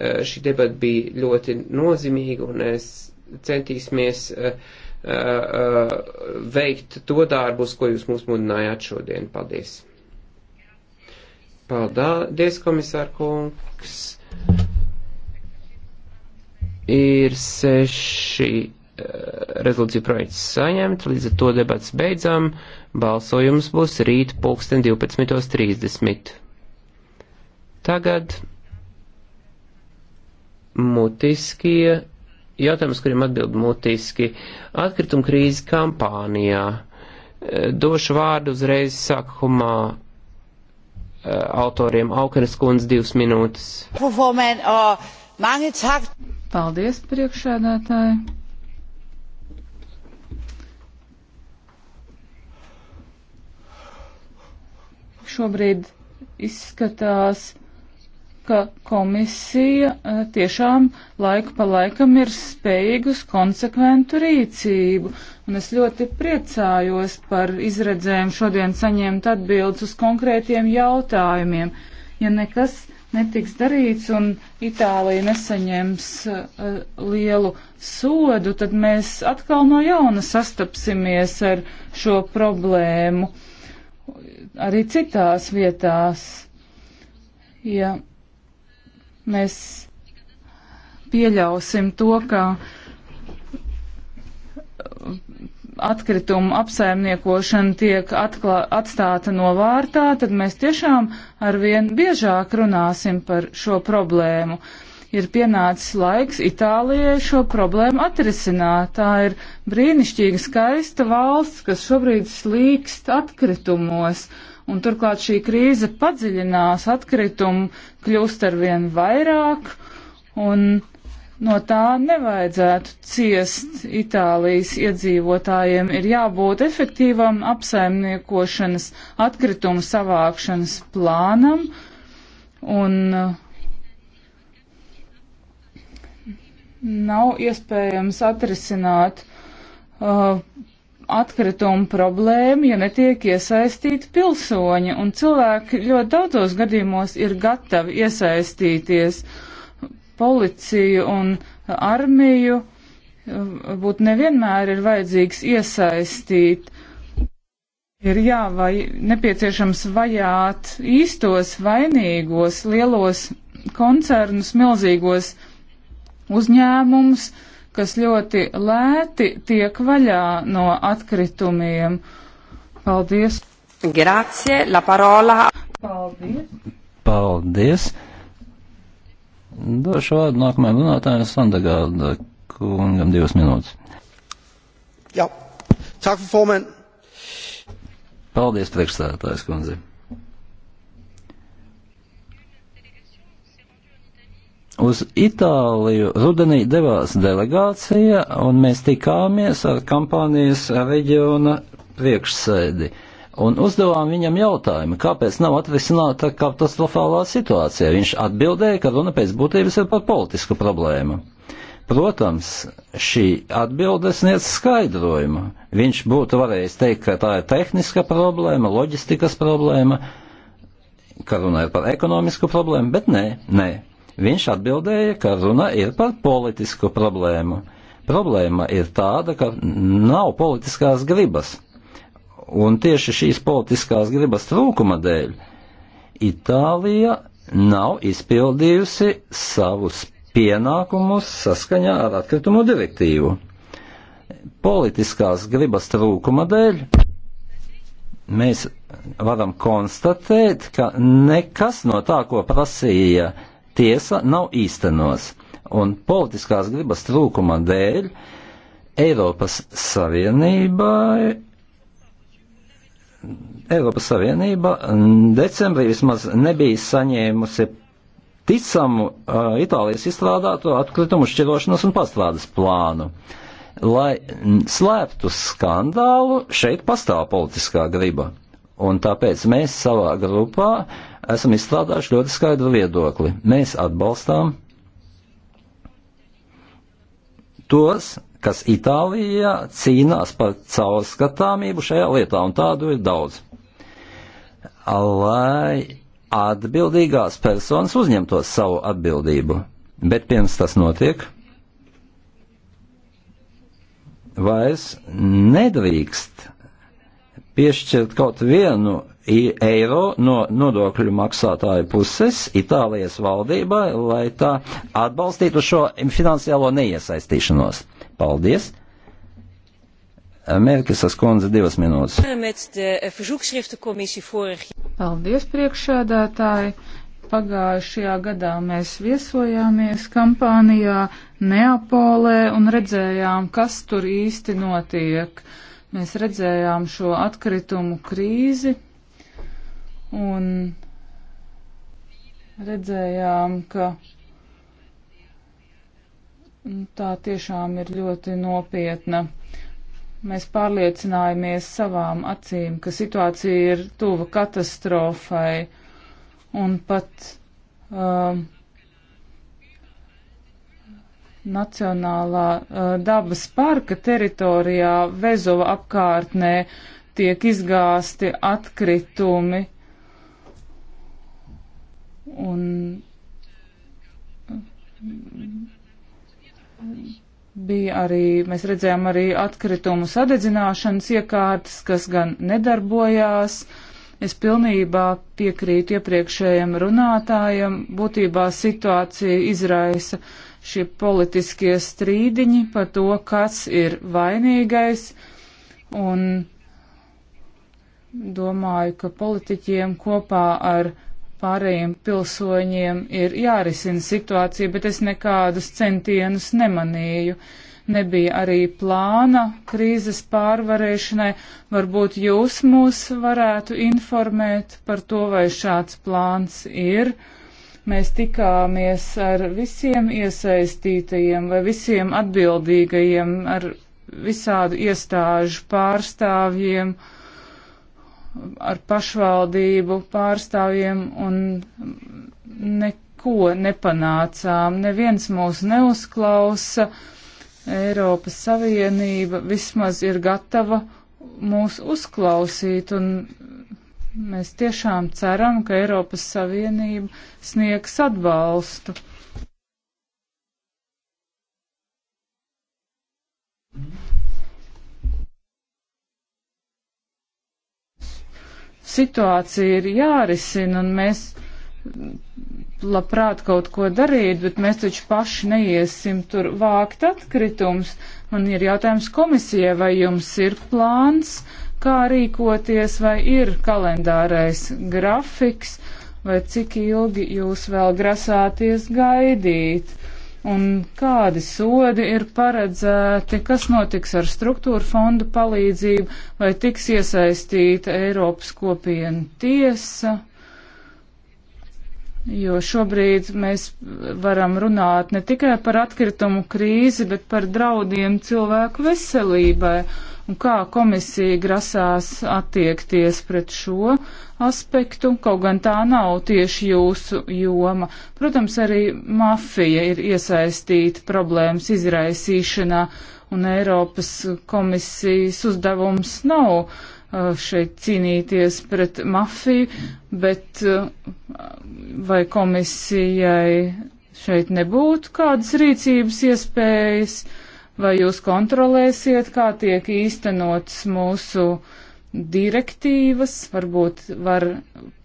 Eh, šī debata bija ļoti nozīmīga un es centīsimies eh, eh, veikt to darbus, ko jūs mums mudinājāt šodien. Paldies! Paldies, komisār kungs! Ir seši rezolūcija projekts saņemts, līdz ar to debats beidzām. Balsojums būs rīt pulksten 12.30. Tagad mutiskie, jautājums, kuriem atbild mutiski, atkrituma krīze kampānijā. E, došu vārdu uzreiz sākumā e, autoriem Aukeres kundze divas minūtes. Paldies, priekšēdētāji. Šobrīd izskatās ka komisija eh, tiešām laiku pa laikam ir spējīga uz konsekventu rīcību. Un es ļoti priecājos par izredzēm šodien saņemt atbildes uz konkrētiem jautājumiem. Ja nekas netiks darīts un Itālija nesaņems uh, lielu sodu, tad mēs atkal no jauna sastapsimies ar šo problēmu arī citās vietās. Ja mēs pieļausim to, ka atkritumu apsaimniekošana tiek atklā, atstāta novārtā, tad mēs tiešām arvien biežāk runāsim par šo problēmu. Ir pienācis laiks Itālijai šo problēmu atrisināt. Tā ir brīnišķīga, skaista valsts, kas šobrīd slīkst atkritumos un turklāt šī krīze padziļinās, atkritumu kļūst arvien vairāk, un no tā nevajadzētu ciest Itālijas iedzīvotājiem. Ir jābūt efektīvam apsaimniekošanas atkritumu savākšanas plānam, un uh, nav iespējams atrisināt uh, atkritumu problēmu, ja netiek iesaistīti pilsoņi, un cilvēki ļoti daudzos gadījumos ir gatavi iesaistīties policiju un armiju, eh, būt nevienmēr ir vajadzīgs iesaistīt, ir jā, vai nepieciešams vajāt īstos vainīgos lielos koncernus, milzīgos uzņēmumus, kas ļoti lēti tiek vaļā no atkritumiem. Paldies! Grazie, la parola! Paldies! Paldies! Došu vārdu nākamajam runātājam Sandagāda kungam divas minūtes. Jā, tak for formand. Paldies, priekšstādātājs kundze. Uz Itāliju rudenī devās delegācija, un mēs tikāmies ar kampānijas reģiona priekšsēdi. Un uzdevām viņam jautājumu, kāpēc nav atrisināta katastrofālā situācija. Viņš atbildēja, ka runa pēc būtības ir par politisku problēmu. Protams, šī atbilde sniedz skaidrojumu. Viņš būtu varējis teikt, ka tā ir tehniska problēma, loģistikas problēma, ka runa ir par ekonomisku problēmu, bet nē, nē, Viņš atbildēja, ka runa ir par politisku problēmu. Problēma ir tāda, ka nav politiskās gribas. Un tieši šīs politiskās gribas trūkuma dēļ Itālija nav izpildījusi savus pienākumus saskaņā ar atkritumu direktīvu. Politiskās gribas trūkuma dēļ mēs varam konstatēt, ka nekas no tā, ko prasīja uh, tiesa nav īstenos, un politiskās gribas trūkuma dēļ Eiropas Savienībai Eiropas Savienība decembrī vismaz nebija saņēmusi ticamu uh, Itālijas izstrādāto atkritumu šķirošanas un pastrādes plānu. Lai slēptu skandālu, šeit pastāv politiskā griba. Un tāpēc mēs savā grupā esam izstrādājuši ļoti skaidru viedokli. Mēs atbalstām tos, kas Itālijā cīnās par caurskatāmību šajā lietā, un tādu ir daudz. Lai atbildīgās personas uzņemtos savu atbildību. Bet pirms tas notiek, vairs nedrīkst piešķirt kaut vienu eiro no nodokļu maksātāju puses Itālijas valdībai, lai tā atbalstītu šo finansiālo neiesaistīšanos. Paldies! Merkisas kundze divas minūtes. Eh, Paldies, priekšsēdētāji! Pagājušajā gadā mēs viesojāmies kampānijā Neapolē un redzējām, kas tur īsti notiek. Uh, Mēs redzējām šo atkritumu krīzi un redzējām, ka tā tiešām ir ļoti nopietna. Mēs pārliecinājāmies savām acīm, ka situācija ir tuva katastrofai un pat um, uh, Nacionālā uh, dabas parka teritorijā Vezova apkārtnē tiek izgāsti atkritumi un bija arī, mēs redzējām arī atkritumu sadedzināšanas iekārtas, kas gan nedarbojās. Es pilnībā piekrītu iepriekšējiem runātājiem, būtībā situācija izraisa šie politiskie strīdiņi par to, kas ir vainīgais, un domāju, ka politiķiem kopā ar pārējiem pilsoņiem ir jārisina situācija, bet es nekādus centienus nemanīju. Nebija arī plāna krīzes pārvarēšanai. Varbūt jūs mūs varētu informēt par to, vai šāds plāns ir. Uh, mēs tikāmies ar visiem iesaistītajiem vai visiem atbildīgajiem, ar visādu iestāžu pārstāvjiem, ar pašvaldību pārstāvjiem un neko nepanācām. Neviens mūs neuzklausa. Eiropas Savienība vismaz ir gatava mūs uzklausīt un Mēs tiešām ceram, ka Eiropas Savienība sniegs atbalstu. Situācija ir jārisina, un mēs labprāt kaut ko darīt, bet mēs taču paši neiesim tur vākt atkritums. Man ir jautājums komisijai, vai jums ir plāns, kā rīkoties, vai ir kalendārais grafiks, vai cik ilgi jūs vēl grasāties gaidīt, un kādi sodi ir paredzēti, kas notiks ar struktūra fondu palīdzību, vai tiks iesaistīta Eiropas kopiena tiesa. Jo šobrīd mēs varam runāt ne tikai par atkritumu krīzi, bet par draudiem cilvēku veselībai Un kā komisija grasās attiekties pret šo aspektu, kaut gan tā nav tieši jūsu joma. Protams, arī mafija ir iesaistīta problēmas izraisīšanā, un Eiropas komisijas uzdevums nav uh, šeit cīnīties pret mafiju, bet uh, vai komisijai šeit nebūtu kādas rīcības iespējas? vai jūs kontrolēsiet, kā tiek īstenots mūsu direktīvas, varbūt var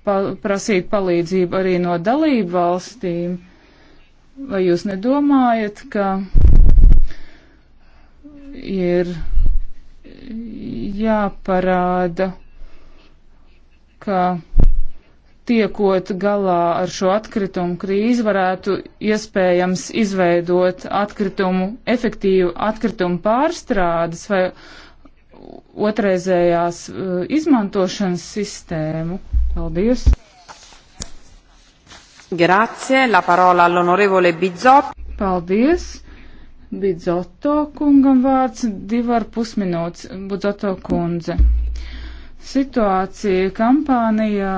pa prasīt palīdzību arī no dalību valstīm. Vai jūs nedomājat, ka ir jāparāda, ka tiekot galā ar šo atkritumu krīzi, varētu iespējams izveidot atkritumu, efektīvu atkritumu pārstrādes vai otrreizējās uh, izmantošanas sistēmu. Paldies! Grazie, la parola all'onorevole Bizzot. Paldies! Bizzotto kungam vārds divar pusminūtes. Bizzotto kundze. Situācija kampānijā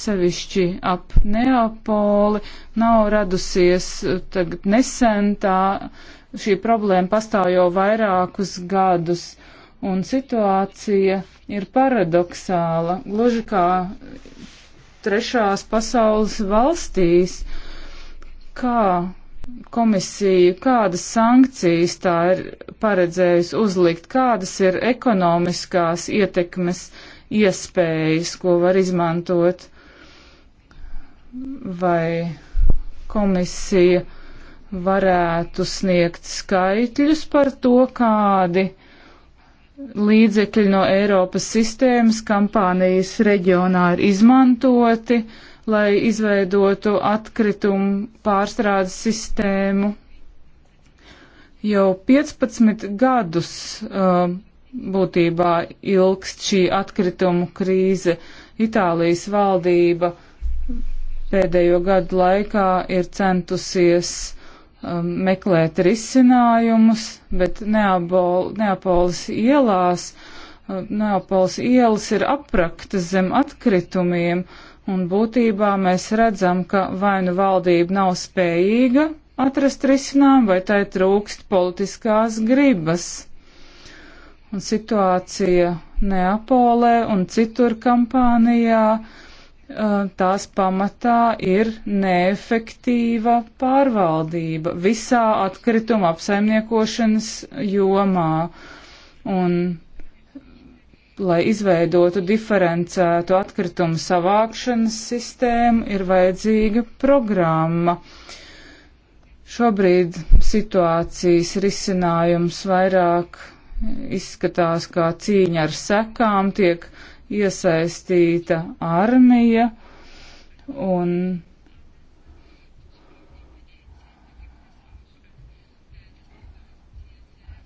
sevišķi ap Neapoli, nav radusies eh, tagad nesen tā, šī problēma pastāv jau vairākus gadus, un situācija ir paradoxāla, gluži kā trešās pasaules valstīs, kā komisija, kādas sankcijas tā ir paredzējusi uzlikt, kādas ir ekonomiskās ietekmes iespējas, ko var izmantot vai komisija varētu sniegt skaitļus par to, kādi līdzekļi no Eiropas sistēmas kampānijas reģionā ir izmantoti, lai izveidotu atkritumu pārstrādes sistēmu. Jau 15 gadus uh, būtībā ilgst šī atkritumu krīze. Itālijas valdība pēdējo gadu laikā ir centusies um, meklēt risinājumus, bet Neapol, Neapolis ielās, um, Neapolis ielas ir apraktas zem atkritumiem, un būtībā mēs redzam, ka vai nu valdība nav spējīga atrast risinājumu, vai tai trūkst politiskās gribas. Un situācija Neapolē un citur kampānijā uh, Eh, tās pamatā ir neefektīva pārvaldība visā atkrituma apsaimniekošanas jomā. Un, lai izveidotu diferencētu atkritumu savākšanas sistēmu, ir vajadzīga programma. Šobrīd situācijas risinājums vairāk izskatās kā cīņa ar sekām, tiek iesaistīta armija un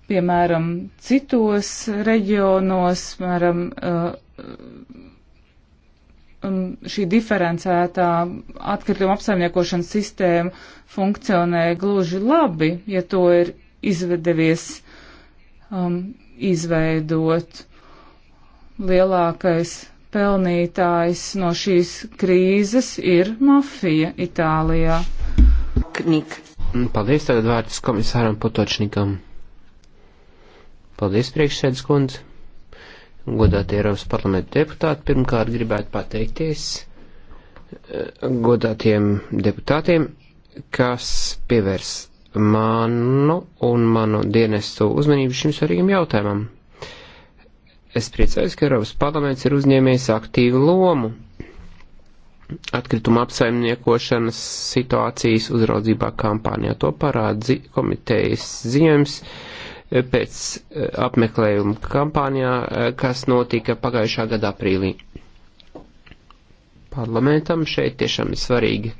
piemēram citos reģionos, piemēram, uh, um, šī diferencētā atkrituma apsaimniekošanas sistēma funkcionē gluži labi, ja to ir izdevies um, izveidot lielākais pelnītājs no šīs krīzes ir mafija Itālijā. Knik. Paldies, tagad vārds komisāram Potočnikam. Paldies, priekšsēdus kundze. Godātie Eiropas parlamenta deputāti, pirmkārt gribētu pateikties eh, godātiem deputātiem, kas pievērs manu un manu dienestu uzmanību šim svarīgam jautājumam. Es priecājos, ka Eiropas parlaments ir uzņēmējis aktīvu lomu atkrituma apsaimniekošanas situācijas uzraudzībā kampānijā. To parāda zi komitejas ziņojums eh, pēc eh, apmeklējuma kampānijā, eh, kas notika pagājušā gada aprīlī. Parlamentam šeit tiešām ir svarīga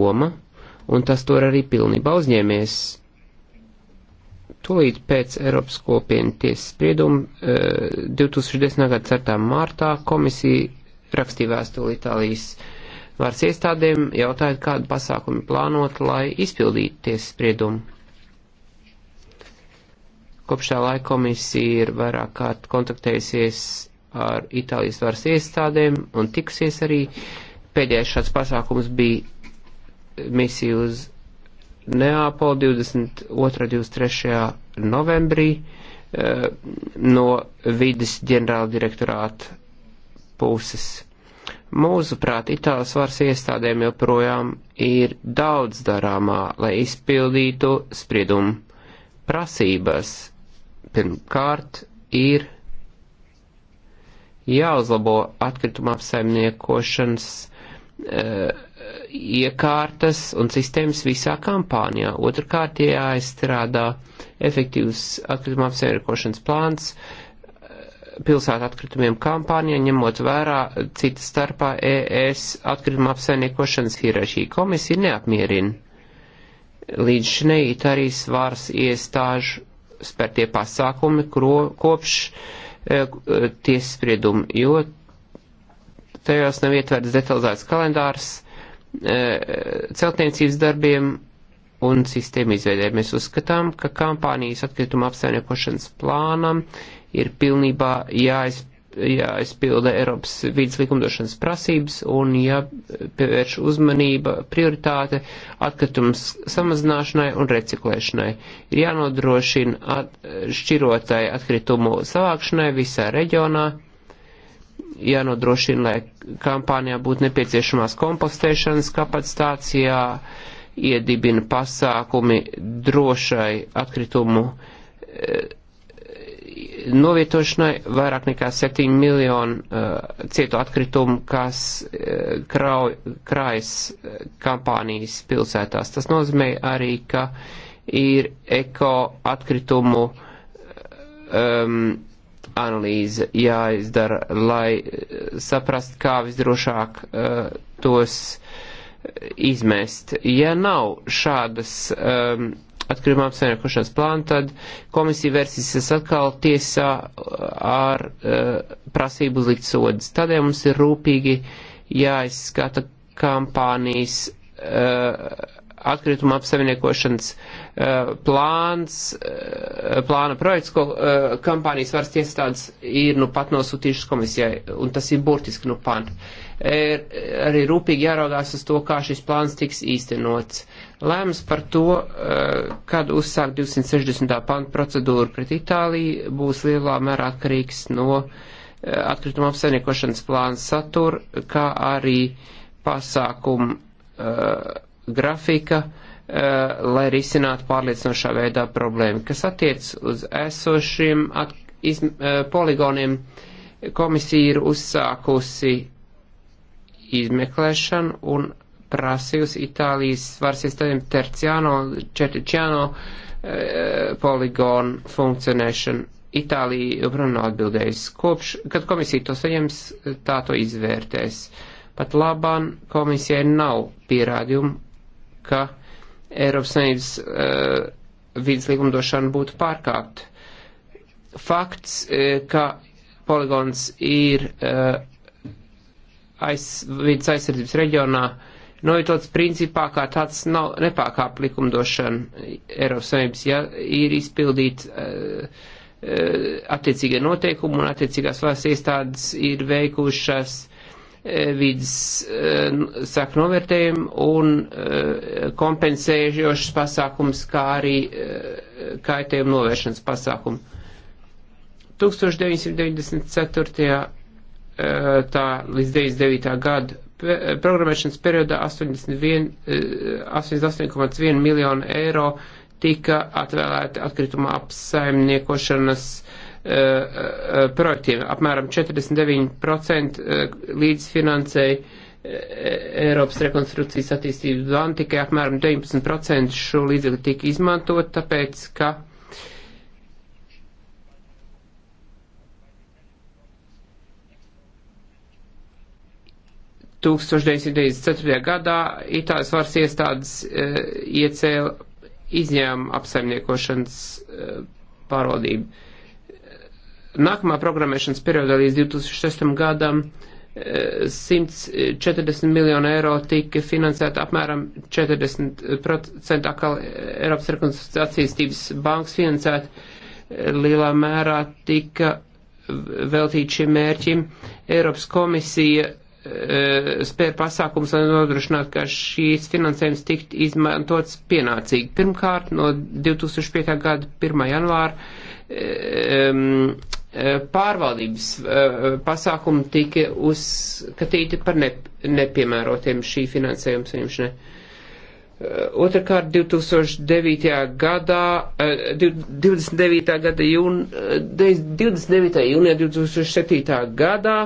loma, un tas to arī pilnībā uzņēmies Tūlīt pēc Eiropas kopienu tiesas sprieduma 2010. Eh, gada 4. martā komisija rakstīja vēstuli Itālijas varas iestādēm, jautājot, kādu pasākumu plānot, lai izpildītu tiesas spriedumu. Kopš tā laika komisija ir vairāk kārt kontaktējusies ar Itālijas varas iestādēm un tikusies arī. Pēdējais šāds pasākums bija misija uz Neāpoli 22. 23. novembrī eh, no vidas ģenerāla direktorāta puses. Mūsuprāt, Itālijas varas iestādēm joprojām ir daudz darāmā, lai izpildītu spriedumu prasības. Pirmkārt, ir jāuzlabo atkrituma apsaimniekošanas uh, eh, iekārtas un sistēmas visā kampānijā. Otrkārt, jāizstrādā efektīvs atkrituma apsaimniekošanas plāns eh, pilsētu atkritumiem kampānijā, ņemot vērā cita starpā ES atkrituma apsaimniekošanas hierarhiju. Komisija neapmierina līdz šinei Itālijas varas iestāžu spērtie pasākumi kro, kopš e, tiesas spriedumu, jo tajos nav ietverts detalizēts kalendārs, E, celtniecības darbiem un sistēmu izveidē. Mēs uzskatām, ka kampānijas atkrituma apsaimniekošanas plānam ir pilnībā jāiz, jāizpilda Eiropas vidas likumdošanas prasības un jāpievērš uzmanība prioritāte atkritums samazināšanai un reciklēšanai. Ir jānodrošina at, šķirotai atkritumu savākšanai visā reģionā jānodrošina, lai kampānijā būtu nepieciešamās kompostēšanas kapacitācijā, iedibina pasākumi drošai atkritumu e, novietošanai vairāk nekā 7 miljonu uh, eh, cietu atkritumu, kas uh, eh, krauj, krājas kampānijas pilsētās. Tas nozīmē arī, ka ir eko atkritumu um, analīze jāizdara, lai eh, saprast, kā visdrošāk uh, tos eh, izmest. Ja nav šādas um, ehm, atkarībā apsaimniekošanas plāna, tad komisija versīsies atkal tiesā ar uh, prasību uzlikt sodas. Tādēļ mums ir rūpīgi jāizskata kampānijas uh, atkrituma apsaimniekošanas uh, Eh, plāns, eh, plāna projekts, ko eh, kampānijas varas tiestādes ir nu pat nosūtījušas komisijai, un tas ir burtiski nu pan. Ir arī rūpīgi jāraugās uz to, kā šis plāns tiks īstenots. Lēmums par to, kad uzsākt 260. pantu procedūru pret Itāliju, būs lielā mērā atkarīgs no atkrituma apsainiekošanas plāna satura, kā arī pasākumu grafika, uh, Eh, lai risinātu pārliecinošā veidā problēmu. Kas attiec uz esošiem at, iz, eh, poligoniem, komisija ir uzsākusi izmeklēšanu un prasījusi Itālijas varas iestādēm Terciano, Četričiano eh, poligonu funkcionēšanu. Itālija joprojām nav atbildējusi. Kopš, kad komisija to saņems, tā to izvērtēs. Pat labāk komisijai nav pierādījumu, ka uh, Eiropas Savienības uh, eh, vidas likumdošana būtu pārkāpta. Fakts, uh, ka poligons ir uh, eh, aiz, vidas aizsardzības reģionā, novietots principā, kā tāds nav nepārkāp likumdošana Eiropas Savienības, ja ir izpildīt. Uh, attiecīgie noteikumi un attiecīgās valsts iestādes ir veikušas uh, E, vidas e, saku novērtējumu un e, kompensējošas pasākums, kā arī kaitējumu novēršanas pasākumu. 1994. tā līdz 99. gadu programmēšanas periodā 88,1 miljonu eiro tika atvēlēta atkrituma apsaimniekošanas uh, Eh, projektiem. Apmēram 49% eh, līdzfinansēja eh, Eiropas rekonstrukcijas attīstības plānu, tikai apmēram 19% šo līdzekļu tika izmantot, tāpēc, ka ...1994. gadā Itālijas varas iestādes uh, iecēla izņēmuma apsaimniekošanas uh, pārvaldību. Uh, nākamā programmēšanas periodā līdz 2006. gadam 140 eh, miljonu eiro tika finansēta apmēram 40% atkal Eiropas rekonstrukcijas bankas finansēta. Lielā mērā tika veltīt šiem mērķim. Eiropas komisija eh, spēr pasākums, lai nodrošinātu, ka šīs finansējums tikt izmantots pienācīgi. Pirmkārt, no 2005. gada 1. janvāra um, Eh, pārvaldības eh, pasākumi tika uzskatīti par ne, nepiemērotiem šī finansējuma saņemšanai. Eh, Otrakārt, 2009. gadā, 29. gada jūn, 29. jūnijā 2007. gadā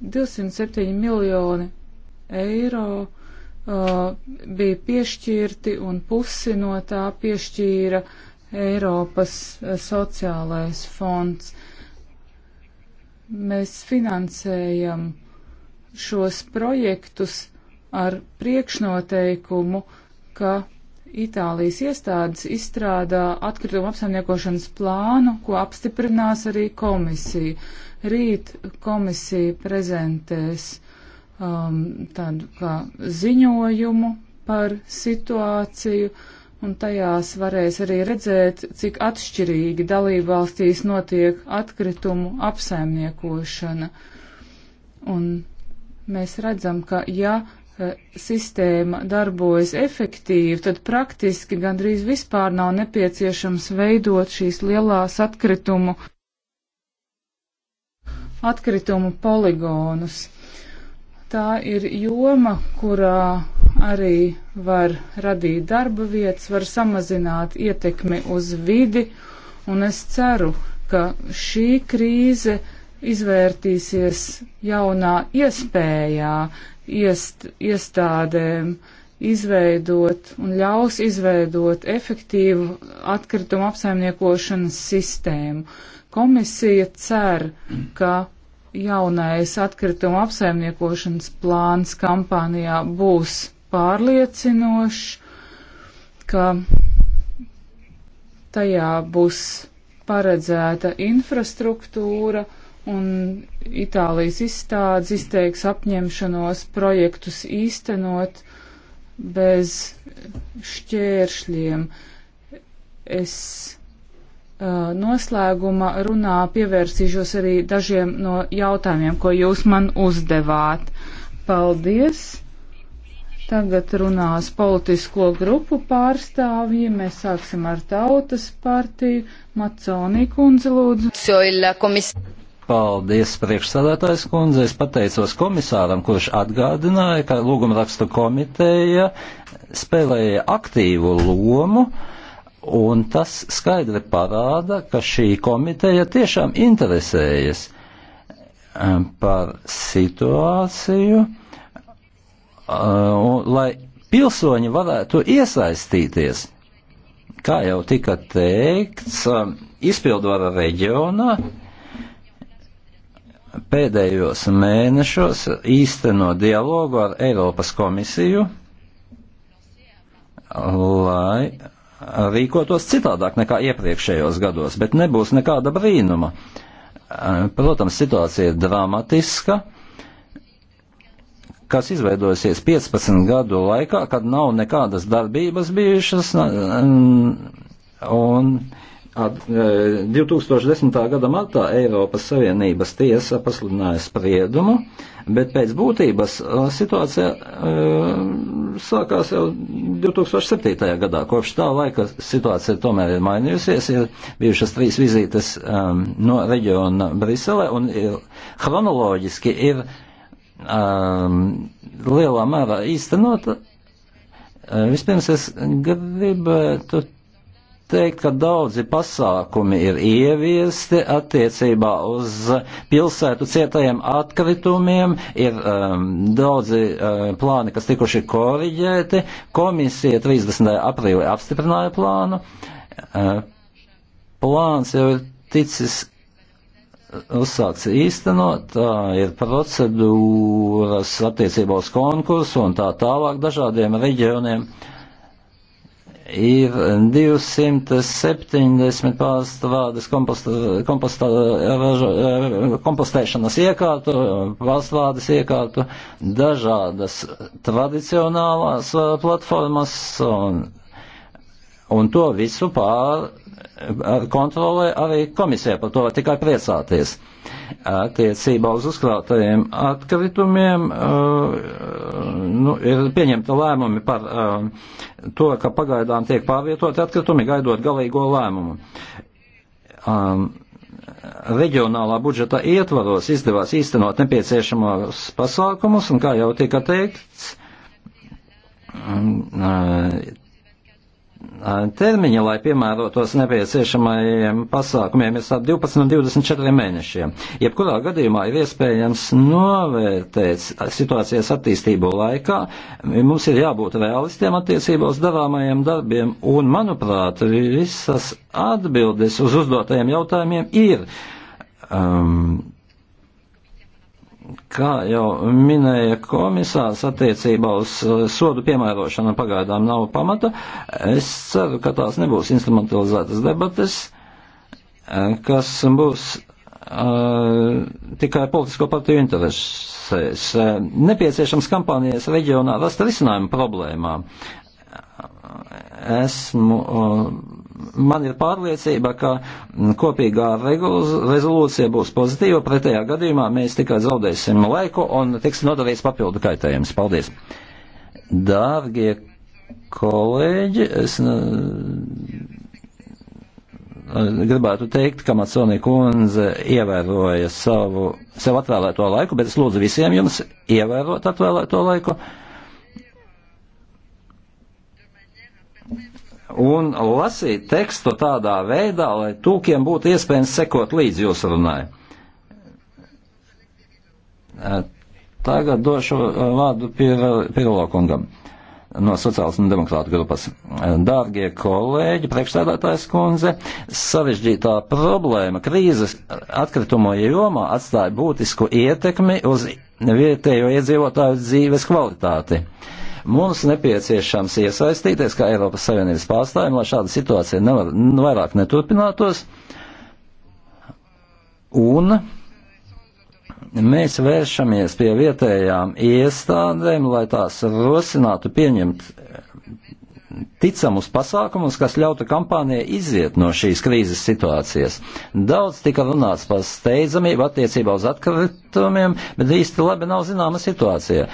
207 miljoni eiro uh, bija piešķirti un pusi no tā piešķīra Eiropas uh, sociālais fonds. Mēs finansējam šos projektus ar priekšnoteikumu, ka Itālijas iestādes izstrādā atkritumu apsaimniekošanas plānu, ko apstiprinās arī komisija. Uh, Rīt komisija prezentēs um, tādu kā ziņojumu par situāciju, un tajās varēs arī redzēt, cik atšķirīgi dalībvalstīs notiek atkritumu apsaimniekošana. Un mēs redzam, ka ja e, sistēma darbojas efektīvi, tad praktiski gandrīz vispār nav nepieciešams veidot šīs lielās atkritumu atkritumu poligonus. Tā ir joma, kurā arī var radīt darba vietas, var samazināt ietekmi uz vidi, un es ceru, ka šī krīze izvērtīsies jaunā iespējā iest, iestādēm izveidot un ļaus izveidot efektīvu atkritumu apsaimniekošanas sistēmu, Komisija cer, ka jaunais atkrituma apsaimniekošanas plāns kampānijā būs pārliecinošs, ka tajā būs paredzēta infrastruktūra un Itālijas izstādes izteiks apņemšanos projektus īstenot bez šķēršļiem. Es Uh, noslēguma runā pievērsīšos arī dažiem no jautājumiem, ko jūs man uzdevāt. Paldies! Tagad runās politisko grupu pārstāvji. Mēs sāksim ar tautas partiju. Maconī kundze lūdzu. Paldies, priekšsādātājs kundze. Es pateicos komisāram, kurš atgādināja, ka lūgumrakstu komiteja spēlēja aktīvu lomu uh, Un tas skaidri parāda, ka šī komiteja tiešām interesējas um, par situāciju, uh, lai pilsoņi varētu iesaistīties. Kā jau tika teikts, um, izpildvara reģionā pēdējos mēnešos īsteno dialogu ar Eiropas komisiju, lai rīkotos citādāk nekā iepriekšējos gados, bet nebūs nekāda brīnuma. Protams, situācija ir dramatiska, kas izveidojusies 15 gadu laikā, kad nav nekādas darbības bijušas, un At, 2010. Eh, gada martā Eiropas Savienības tiesa pasludināja spriedumu, bet pēc būtības eh, situācija e, sākās jau 2007. gadā. Kopš tā laika situācija tomēr ir mainījusies, ir bijušas trīs vizītes um, no reģiona Brisele un ir, chronoloģiski ir um, lielā mērā īstenota. Vispirms es gribētu teikt, ka daudzi pasākumi ir ieviesti attiecībā uz pilsētu cietajiem atkritumiem, ir um, daudzi um, plāni, kas tikuši koriģēti. Komisija 30. aprīlī apstiprināja plānu. Uh, plāns jau ir ticis uzsāks īstenot, tā ir procedūras attiecībā uz konkursu un tā tālāk dažādiem reģioniem. Uh, ir 270 pārstāvādas kompostēšanas iekārtu, pārstāvādas iekārtu, dažādas tradicionālās uh, platformas un, un to visu pār kontrolē arī komisija par to var tikai priecāties. Attiecībā uz uzkrātajiem atkritumiem eh, nu, ir pieņemta lēmumi par eh, to, ka pagaidām tiek pārvietoti atkritumi, gaidot galīgo lēmumu. Reģionālā budžeta ietvaros izdevās īstenot nepieciešamos pasākumus, un kā jau tika teikts, termiņi, lai piemērotos nepieciešamajiem pasākumiem, ir starp 12 un 24 mēnešiem. Jebkurā gadījumā ir iespējams novērtēt situācijas attīstību laikā. Mums ir jābūt realistiem attiecībā uz darāmajiem darbiem, un, manuprāt, visas atbildes uz uzdotajiem jautājumiem ir. Um, Kā jau minēja komisārs attiecībā uz uh, sodu piemērošanu pagaidām nav pamata, es ceru, ka tās nebūs instrumentalizētas debates, uh, kas būs uh, tikai politisko partiju interesēs. Uh, nepieciešams kampānijas reģionā rast risinājumu problēmām. Esmu uh, man ir pārliecība, ka mm, kopīgā rezolūcija būs pozitīva, pretējā gadījumā mēs tikai zaudēsim laiku un tiks nodarīts papildu kaitējums. Paldies! Dārgie kolēģi, es gribētu teikt, ka Maconi kundze ievēroja savu, sev atvēlēto laiku, bet es lūdzu visiem jums ievērot atvēlēto laiku. un lasīt tekstu tādā veidā, lai tūkiem būtu iespējams sekot līdz jūsu runai. Tagad došu vārdu Pirlo kungam no sociālas un demokrāta grupas. Dārgie kolēģi, priekšsēdētājs kundze, sarežģītā problēma krīzes atkritumo jomā atstāja būtisku ietekmi uz vietējo iedzīvotāju dzīves kvalitāti. Uh, Mums nepieciešams iesaistīties kā Eiropas Savienības pārstāvjiem, lai šāda situācija nevar, nu, vairāk neturpinātos. Un mēs vēršamies pie vietējām iestādēm, lai tās rosinātu pieņemt ticamus pasākumus, kas ļautu kampānijai iziet no šīs krīzes situācijas. Daudz tika runāts par steidzamību attiecībā uz atkritumiem, bet īsti labi nav zināma situācija.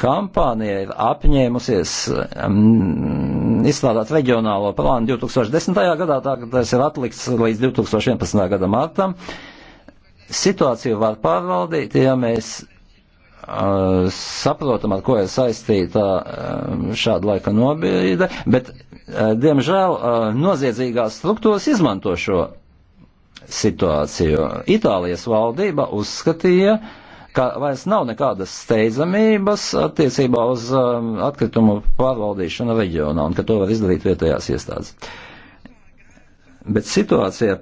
Kampānija ir apņēmusies um, izstrādāt reģionālo plānu 2010. gadā, tā ka tas ir atlikts līdz 2011. gada martam. Situāciju var pārvaldīt, ja mēs uh, saprotam, ar ko ir saistīta uh, šāda laika nobīde, bet, uh, diemžēl, uh, noziedzīgās struktūras izmanto šo situāciju. Itālijas valdība uzskatīja, uh, ka vairs nav nekādas steidzamības attiecībā uz um, atkritumu pārvaldīšanu reģionā un ka to var izdarīt vietējās iestādes. Bet situācija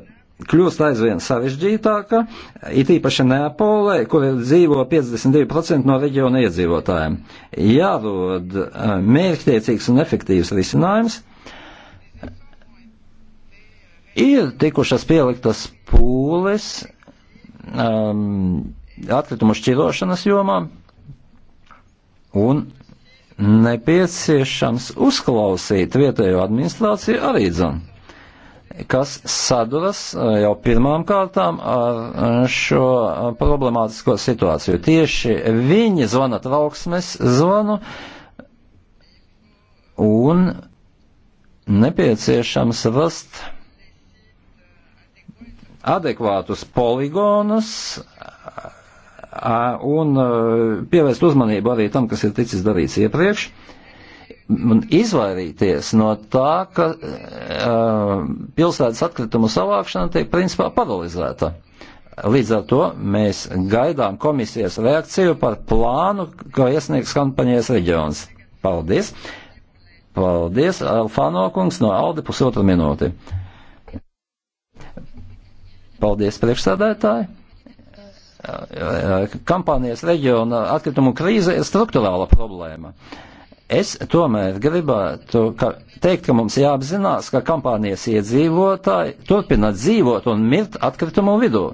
kļūst aizvien sarežģītāka, it īpaši Neapolē, kur dzīvo 52% no reģiona iedzīvotājiem. Jārod um, mērķtiecīgs un efektīvs risinājums. Ir tikušas pieliktas pūles um, atkritumu šķirošanas jomā un nepieciešams uzklausīt vietējo administrāciju arī dzan, kas saduras eh, jau pirmām kārtām ar eh, šo eh, problemātisko situāciju. Tieši viņi zvana trauksmes zvanu un nepieciešams rast adekvātus poligonus un e, pievērst uzmanību arī tam, kas ir ticis darīts iepriekš. Un izvairīties no tā, ka uh, pilsētas atkritumu savākšana tiek principā paralizēta. Līdz ar to mēs gaidām komisijas reakciju par plānu, ko iesniegs kampaņas reģions. Paldies! Paldies, Alfāno kungs no Aldi pusotru minūti. Paldies, priekšsēdētāji! kampānijas reģiona atkritumu krīze ir struktūrāla problēma. Es tomēr gribētu ka, teikt, ka mums jāapzinās, ka kampānijas iedzīvotāji turpina dzīvot un mirt atkritumu vidū.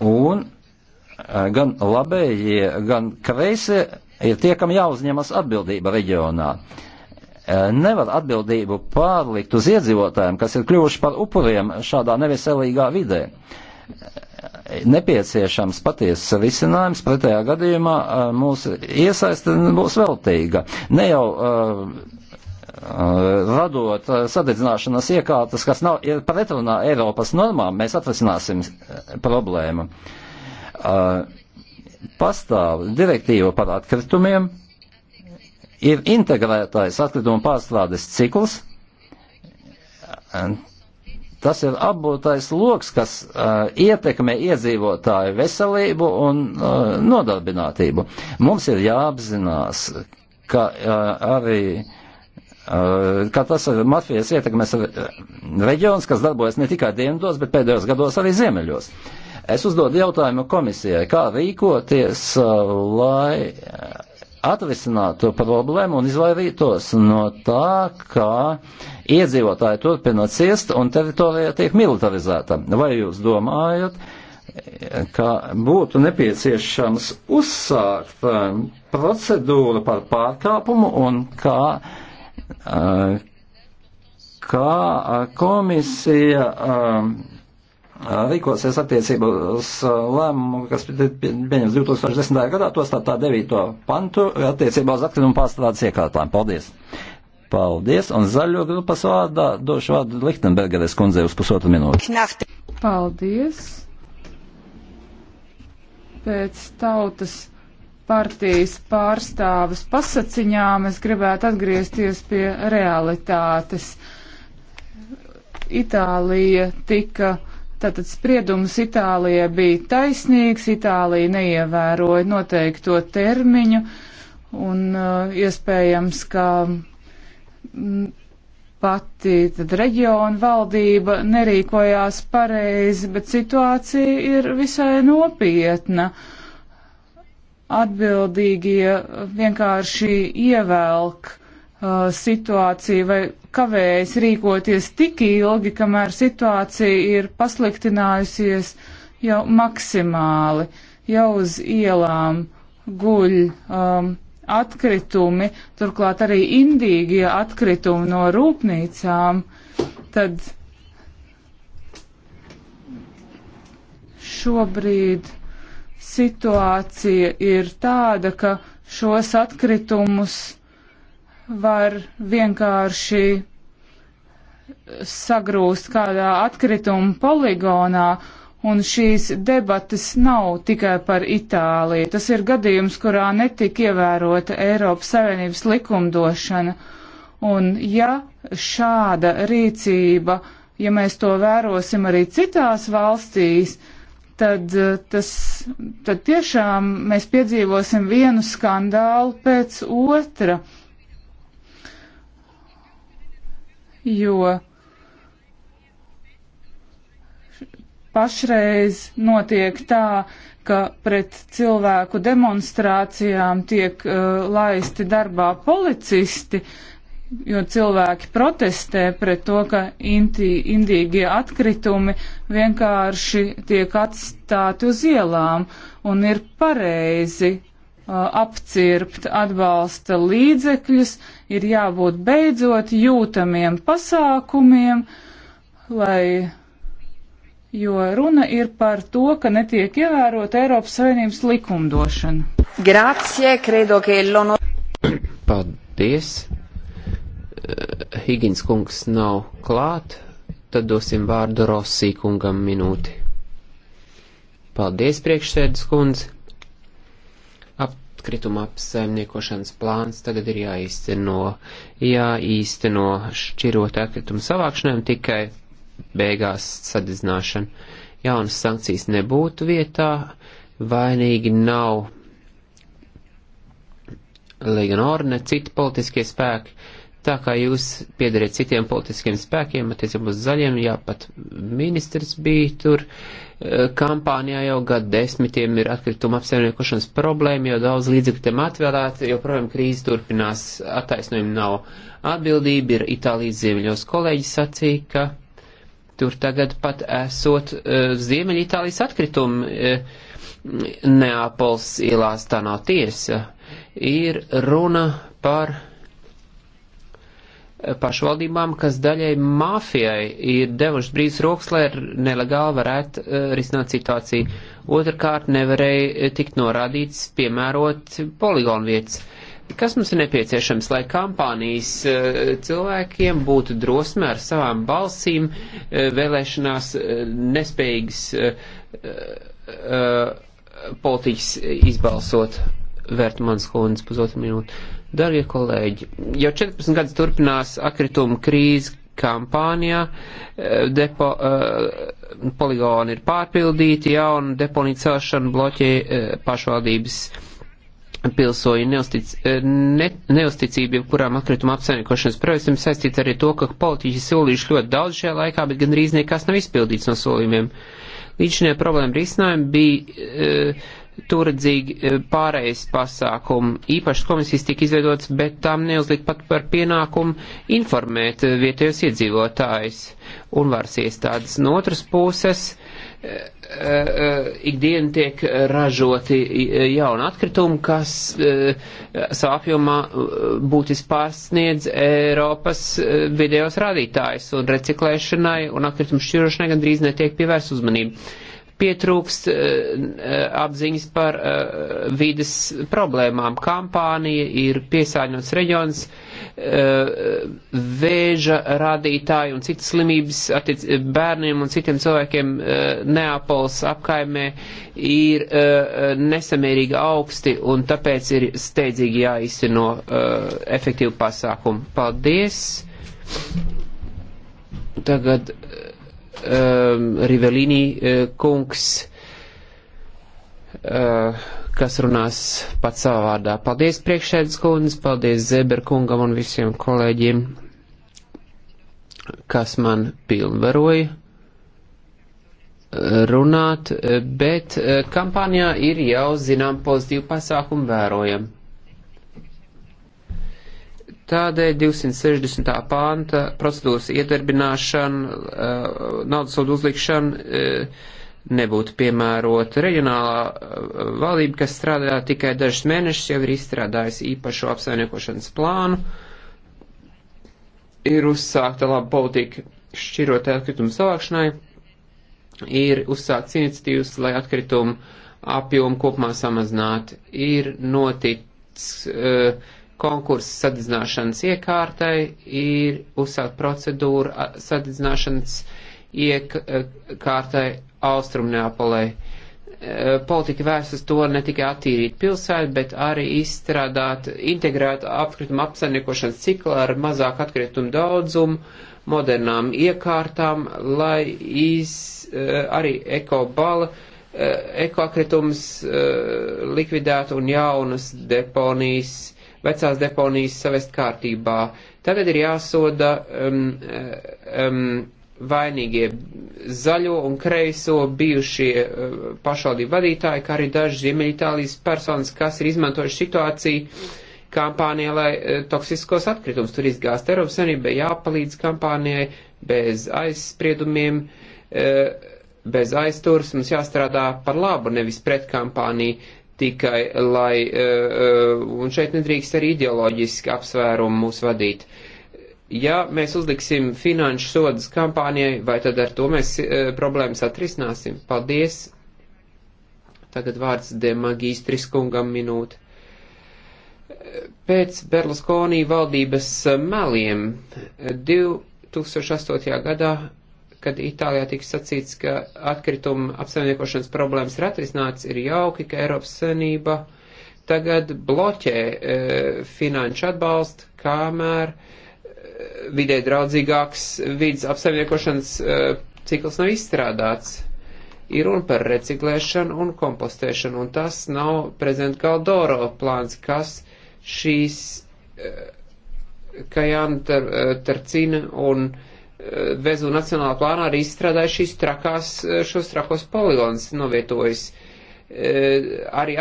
Un eh, gan labējie, gan kreisie ir tie, kam jāuzņemas atbildība reģionā. Eh, nevar atbildību pārlikt uz iedzīvotājiem, kas ir kļuvuši par upuriem šādā neveselīgā vidē nepieciešams patiesas risinājums, pretējā gadījumā eh, mūsu iesaiste būs veltīga. Ne jau uh, radot eh, sadedzināšanas iekārtas, kas nav pretrunā Eiropas normām, mēs atrisināsim problēmu. Uh, pastāv direktīva par atkritumiem, ir integrētais atkrituma pārstrādes cikls, Tas ir apbūtais loks, kas uh, ietekmē iedzīvotāju veselību un uh, nodarbinātību. Mums ir jāapzinās, ka uh, arī uh, ka tas ir mafijas ietekmes reģions, kas darbojas ne tikai dienvidos, bet pēdējos gados arī ziemeļos. Es uzdodu jautājumu komisijai, kā rīkoties, uh, lai atrisināt to problēmu un izvairītos no tā, ka iedzīvotāji turpina ciest un teritorija tiek militarizēta. Vai jūs domājat, ka būtu nepieciešams uzsākt um, procedūru par pārkāpumu un kā, uh, kā uh, komisija um, rīkosies attiecībā uz lēmumu, kas pieņems 2010. gadā, to starp tā 9. pantu attiecībā uz atkritumu pārstrādes iekārtām. Paldies! Paldies, un zaļo grupas vārdā došu vārdu Lichtenbergeres kundzei uz pusotru minūti. Paldies! Pēc tautas partijas pārstāvis pasaciņām es gribētu atgriezties pie realitātes. Itālija tika Tātad spriedums Itālijai bija taisnīgs, Itālija neievēroja noteikto termiņu un uh, iespējams, ka m, mm, pati tad reģiona valdība nerīkojās pareizi, bet situācija ir visai nopietna. Atbildīgie vienkārši ievelk uh, uh, situāciju vai kavējas rīkoties tik ilgi, kamēr situācija ir pasliktinājusies jau maksimāli, jau uz ielām guļ um, atkritumi, turklāt arī indīgie atkritumi no rūpnīcām, tad šobrīd situācija ir tāda, ka šos atkritumus var vienkārši sagrūst kādā atkrituma poligonā, un šīs debatas nav tikai par Itāliju. Tas ir gadījums, kurā netika ievērota Eiropas Savienības likumdošana, un ja šāda rīcība, ja mēs to vērosim arī citās valstīs, tad, eh, tas, tad tiešām mēs piedzīvosim vienu skandālu pēc otra. jo pašreiz notiek tā, ka pret cilvēku demonstrācijām tiek uh, laisti darbā policisti, jo cilvēki protestē pret to, ka inti, indīgie atkritumi vienkārši tiek atstāti uz ielām un ir pareizi Uh, apcirpt atbalsta līdzekļus, ir jābūt beidzot jūtamiem pasākumiem, lai, jo runa ir par to, ka netiek ievērot Eiropas Savienības likumdošana. Grazie, credo, ka lono. Paldies. Eh, Higins kungs nav klāt, tad dosim vārdu Rosī kungam minūti. Paldies, priekšsēdus kundze atkrituma apsaimniekošanas plāns tagad ir jāīsteno, jāīsteno šķirot atkritumu savākšanai un tikai beigās sadedzināšana. Jaunas sankcijas nebūtu vietā, vainīgi nav Liga Norne, citi politiskie spēki, tā kā jūs piedariet citiem politiskiem spēkiem, attiecībā uz zaļiem, jā, pat ministrs bija tur, e, kampānijā jau gadu desmitiem ir atkrituma apsaimniekošanas problēma, jo daudz līdzekļu tam atvēlēti, joprojām krīze turpinās, attaisnojumi nav atbildība, ir Itālijas ziemeļos kolēģis sacīja, ka tur tagad pat esot uh, e, ziemeļitālijas atkritumi uh, e, Neapols ielās tā nav tiesa. Ir runa par pašvaldībām, kas daļai mafijai ir devuši brīvs rokas, lai nelegāli varētu uh, risināt situāciju. Otrakārt, nevarēja eh, tikt norādīts piemērot poligonu vietas. Kas mums ir nepieciešams, lai kampānijas uh, cilvēkiem būtu drosme ar savām balsīm uh, vēlēšanās uh, nespējīgas uh, uh, politiķis izbalsot? Vērtmans Honis pusotru minūtu. Uh, Darbie kolēģi, jau 14 gadus turpinās akrituma krīze kampānijā, eh, depo, eh, poligoni ir pārpildīti, jauna deponija celšana bloķē eh, pašvaldības pilsoņu neustic, ne, neusticību, kurām atkrituma apsaimniekošanas projektam saistīts arī to, ka politiķi solījuši ļoti daudz šajā laikā, bet gandrīz nekas nav izpildīts no solījumiem. Līdz šim problēma risinājumi bija. Uh, turadzīgi e, pārējais pasākumi. Īpašas komisijas tika izveidotas, bet tām neuzlika pat par pienākumu informēt e, vietējos iedzīvotājus un varas iestādes. No otras puses, e, ikdien tiek ražoti jauni atkritumi, kas savā apjomā būtiski pārsniedz Eiropas vidējos rādītājus, un reciklēšanai un atkritumu šķirošanai gandrīz netiek pievērsta uzmanība pietrūkst eh, eh, apziņas par eh, vides problēmām. Kampānija ir piesāņots reģions, vēža rādītāji un citas slimības attiec, bērniem un citiem cilvēkiem Neapols apkaimē ir nesamērīgi augsti un tāpēc ir steidzīgi jāizsino efektīvu pasākumu. Paldies! Tagad Um, Rivelīnī uh, kungs, uh, kas runās pats savā vārdā. Paldies priekšēdas kundze, paldies Zeber kungam un visiem kolēģiem, kas man pilnvaroja uh, runāt, bet kampaņā ir jau zinām pozitīvu pasākumu vērojam. Tādēļ 260. pānta procedūras iedarbināšana, eh, naudas sodu uzlikšana eh, nebūtu piemērota. Reģionālā eh, valdība, kas strādā tikai dažus mēnešus, jau ir izstrādājusi īpašu apsainiekošanas plānu, ir uzsākta laba politika šķirotē atkritumu savākšanai, ir uzsākts iniciatīvas, lai atkritumu apjomu kopumā samazinātu, ir noticis. Uh, konkursu sadedzināšanas iekārtai ir uzsākt procedūra sadedzināšanas iekārtai e, Austrumneapolē. E, Politika vērs uz to ne tikai attīrīt pilsētu, bet arī izstrādāt integrētu apkritumu apsainiekošanas ciklu ar mazāku atkritumu daudzumu, modernām iekārtām, lai iz, e, arī ekobala ekoakritums likvidētu un jaunas deponijas vecās deponijas savest kārtībā. Tagad ir jāsoda um, um, vainīgie zaļo un kreiso bijušie uh, pašvaldību vadītāji, kā arī daži Ziemeļitālijas personas, kas ir izmantojuši situāciju kampānijai, lai uh, toksiskos atkritumus tur izgāst. Eiropas Savienība jāpalīdz kampānijai bez aizspriedumiem. Uh, bez aizturs mums jāstrādā par labu, nevis pret kampāniju tikai, lai, eh, un šeit nedrīkst arī ideoloģiski apsvērumi mūs vadīt. Ja mēs uzliksim finanšu sodas kampānijai, vai tad ar to mēs eh, problēmas atrisināsim? Paldies! Tagad vārds demagīstris kungam minūte. Pēc Berluskonī valdības eh, meliem 2008. gadā kad Itālijā tika sacīts, ka atkrituma apsaimniekošanas problēmas ir atrisināts, ir jauki, ka Eiropas Savienība tagad bloķē e, finanšu atbalstu, kamēr e, vidē draudzīgāks vidas apsaimniekošanas e, cikls nav izstrādāts. Ir runa par reciklēšanu un kompostēšanu, un tas nav prezidenta Kaldoro plāns, kas šīs e, Kajana Tarcina tar un e, Dvezu nacionālā plānā arī izstrādāja šīs trakās, eh, šos trakos poligons novietojis. Eh, arī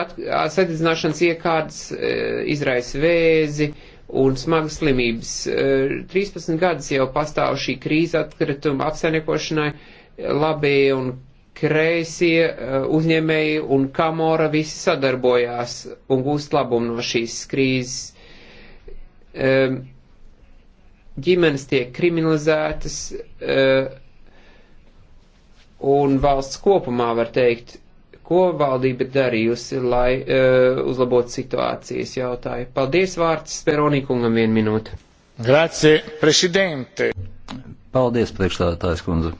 sadedzināšanas iekārtas eh, izraisa vēzi un smagas slimības. 13 gadus jau pastāv šī krīze atkrituma apsainiekošanai, labie un kreisie uzņēmēji un kamora visi sadarbojās un gūst labumu no šīs krīzes. Um, ģimenes tiek kriminalizētas eh, un valsts kopumā var teikt, ko valdība darījusi, lai eh, uzlabotu situācijas jautāju. Paldies vārds Speronīkungam vienu minūtu. Grazie, prezidente. Paldies, priekšstādātājs kundze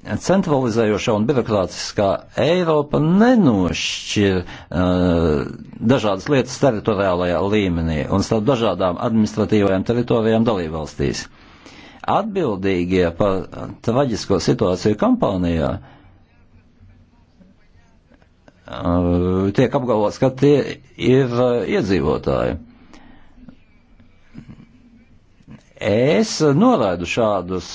centralizējošā un birokrātiskā Eiropa nenošķir uh, dažādas lietas teritoriālajā līmenī un starp dažādām administratīvajām teritorijām dalībvalstīs. Atbildīgie par traģisko situāciju kampānijā uh, tiek apgalvots, ka tie ir uh, iedzīvotāji. Es noraidu šādus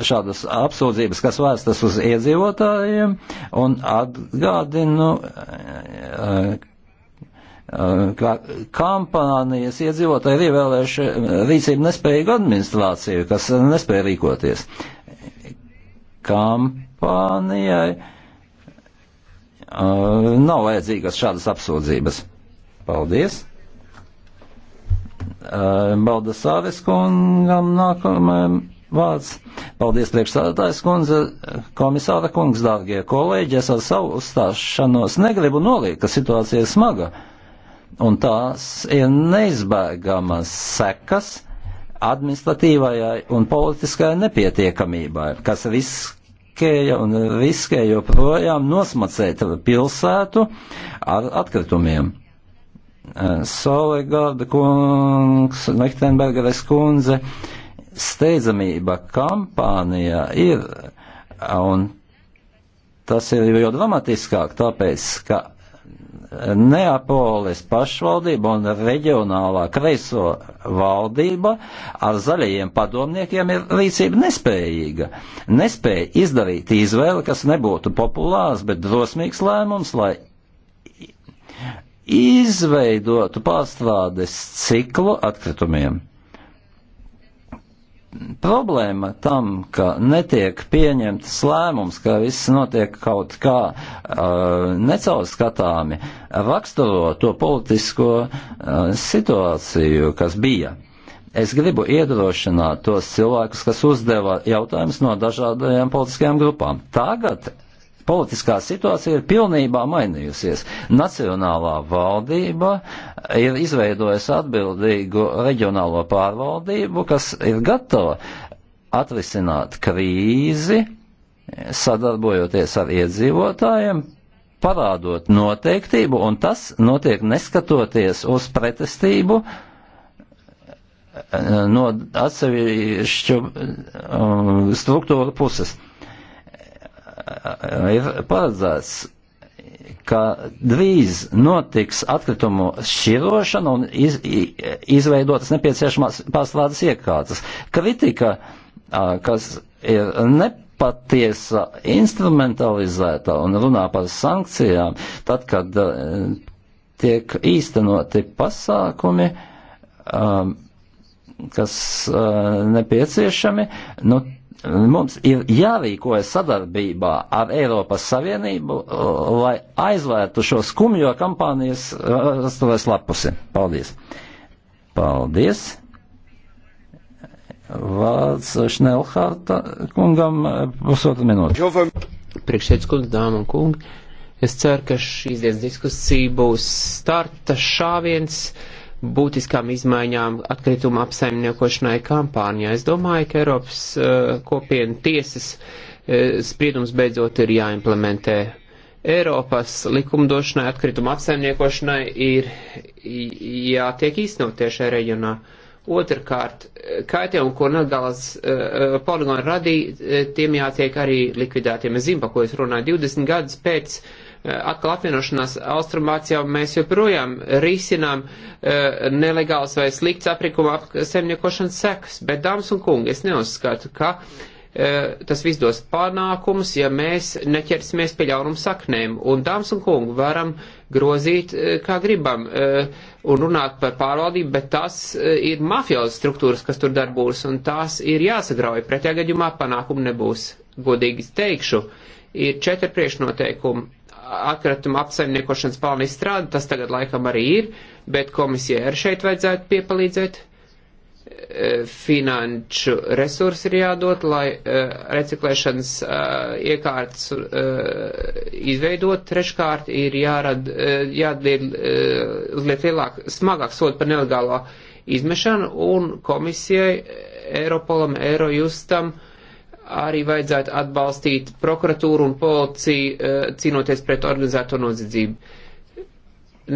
šādas apsūdzības, kas vērstas uz iedzīvotājiem, un atgādinu, ka kampānijas iedzīvotāji ir ievēlējuši rīcību nespējīgu administrāciju, kas nespēja rīkoties. Kampānijai nav vajadzīgas šādas apsūdzības. Paldies! Baldasāvis kungam nākamajam vārds. Paldies priekšstādātājs kundze, komisāra kungs, dārgie kolēģi, es ar savu uzstāšanos negribu noliekt, ka situācija ir smaga, un tās ir neizbēgamas sekas administratīvajai un politiskajai nepietiekamībai, kas riskēja un riskēja joprojām nosmacēt pilsētu ar atkritumiem. Eh, Solegarda kungs, Lechtenbergeres kundze, uh, steidzamība kampānijā ir, un tas ir jau dramatiskāk, tāpēc, ka Neapoles pašvaldība un reģionālā kreiso valdība ar zaļajiem padomniekiem ir rīcība nespējīga. Nespēja izdarīt izvēli, kas nebūtu populārs, bet drosmīgs lēmums, lai izveidotu pārstrādes ciklu atkritumiem problēma tam, ka netiek pieņemts lēmums, ka viss notiek kaut kā uh, necaurskatāmi, raksturo to politisko uh, situāciju, kas bija. Es gribu iedrošināt tos cilvēkus, kas uzdeva jautājumus no dažādajām politiskajām grupām. Tagad Politiskā situācija ir pilnībā mainījusies. Nacionālā valdība ir izveidojusi atbildīgu reģionālo pārvaldību, kas ir gatava atrisināt krīzi, sadarbojoties ar iedzīvotājiem, parādot noteiktību, un tas notiek neskatoties uz pretestību eh, no atsevišķu um, struktūru puses ir paredzēts, ka drīz notiks atkritumu šķirošana un iz, izveidotas nepieciešamās pārstrādes iekārtas. Kritika, kas ir nepieciešama, patiesa instrumentalizēta un runā par sankcijām, tad, kad uh, tiek īstenoti pasākumi, um, kas uh, nepieciešami, nu, Mums ir jārīkojas sadarbībā ar Eiropas Savienību, uh, lai aizvērtu šo skumjo kampānijas uh, rastuvēs lapusi. Paldies! Paldies! Vārds Šnelhārta kungam uh, pusotru minūti. Priekšsēdus kundze, dāma un kungi, es ceru, ka šīs dienas diskusija būs starta šāviens. Uh, būtiskām izmaiņām atkrituma apsaimniekošanai kampānijā. Es domāju, ka Eiropas uh, kopienu tiesas uh, spriedums beidzot ir jāimplementē. Eiropas likumdošanai atkrituma apsaimniekošanai ir jātiek īstenot tieši reģionā. Otrakārt, kaitējumi, ko nelegālas uh, eh, poligoni radīja, tiem jātiek arī likvidētiem. Es zinu, pa ko es runāju. 20 gadus pēc uh, Eh, atkal apvienošanās Austrumvācijā mēs joprojām risinām eh, nelegāls vai slikts aprikuma apsaimniekošanas sekas. Bet, dāmas un kungi, es neuzskatu, ka eh, tas viss dos panākumus, ja mēs neķersimies pie ļaunuma saknēm. Un, dāmas un kungi, varam grozīt, kā gribam, un runāt par pārvaldību, bet tas ir mafijas struktūras, kas tur darbūs, un tās ir jāsagrauj. Pretējā gadījumā panākumu nebūs. Godīgi teikšu, ir četri priekšnoteikumi atkrituma apsaimniekošanas plāna izstrādi, tas tagad laikam arī ir, bet komisijai arī šeit vajadzētu piepalīdzēt. E, finanšu resursi ir jādod, lai e, reciklēšanas e, iekārtas izveidot. Treškārt ir jārada, jādod uzliet lielāk, smagāk sodu par nelegālo izmešanu un komisijai, Eiropolam, Eirojustam, uh, arī vajadzētu atbalstīt prokuratūru un policiju eh, cīnoties pret organizēto noziedzību.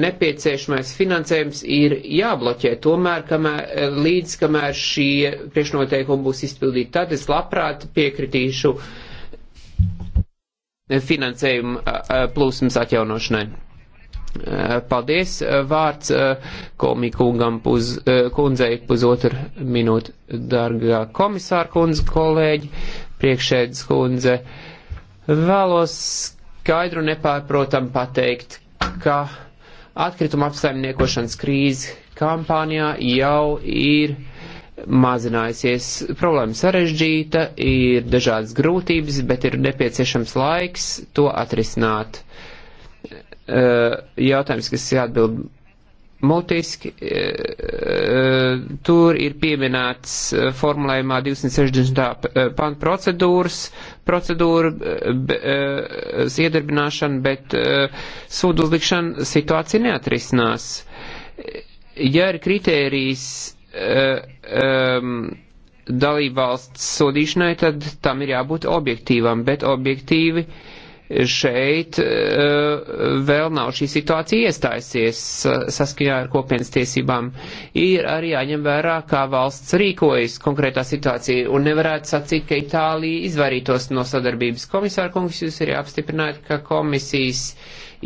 Nepieciešamais finansējums ir jābloķē tomēr, kamēr, eh, līdz kamēr šie priekšnoteikumi būs izpildīti. Tad es labprāt piekritīšu eh, finansējuma plūsmas atjaunošanai. Eh, paldies. Eh, vārds eh, komikungam puz, kundzei pusotru minūtu, dargā komisāra kundze, kolēģi, priekšēdas kundze. Vēlos skaidru nepārprotam pateikt, ka atkrituma apsaimniekošanas krīze kampānijā jau ir mazinājusies. Problēma sarežģīta, ir dažādas grūtības, bet ir nepieciešams laiks to atrisināt. Uh, Eh, jautājums, kas jāatbild mutiski. Eh, tur ir pieminēts eh, formulējumā 260. pant procedūras, procedūra iedarbināšana, bet sūdu uzlikšana situācija neatrisinās. Ja ir kritērijs dalībvalsts sodīšanai, tad tam ir jābūt objektīvam, bet objektīvi uh, šeit eh, vēl nav šī situācija iestājusies saskaņā ar kopienas tiesībām. Ir arī jāņem vērā, kā valsts rīkojas konkrētā situācija, un nevarētu sacīt, ka Itālija izvairītos no sadarbības. Komisāra kungs, jūs arī apstiprināt, ka komisijas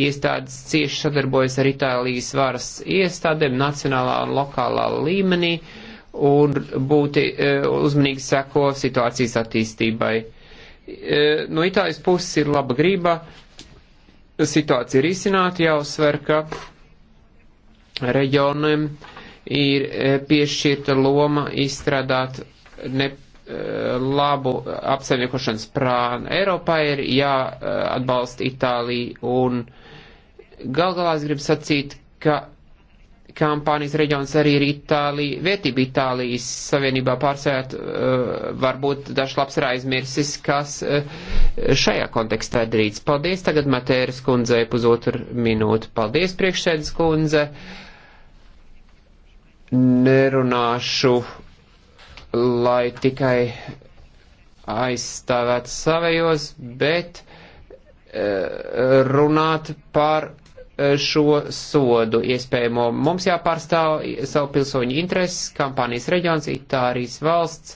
iestādes cieši sadarbojas ar Itālijas varas iestādēm nacionālā un lokālā līmenī un būti eh, uzmanīgi seko situācijas attīstībai E, no Itālijas puses ir laba grība, situācija ir izcināta, jāuzsver, ka reģioniem ir e, piešķirta loma izstrādāt ne e, labu apsaimniekošanas prānu. Eiropā ir jāatbalsta Itālija un gal galā es gribu sacīt, ka Kampānijas reģions arī ir Itālija, vietība Itālijas savienībā pārsvēt, uh, varbūt dažs labs ir aizmirsis, kas uh, šajā kontekstā drīz. Paldies tagad Matēras kundzei pusotru minūtu. Paldies priekšsēdas kundze. Nerunāšu, lai tikai aizstāvētu savējos, bet uh, runāt par Eh, šo sodu iespējamo. Mums jāpārstāv savu pilsoņu intereses, kampānijas reģions, Itālijas valsts,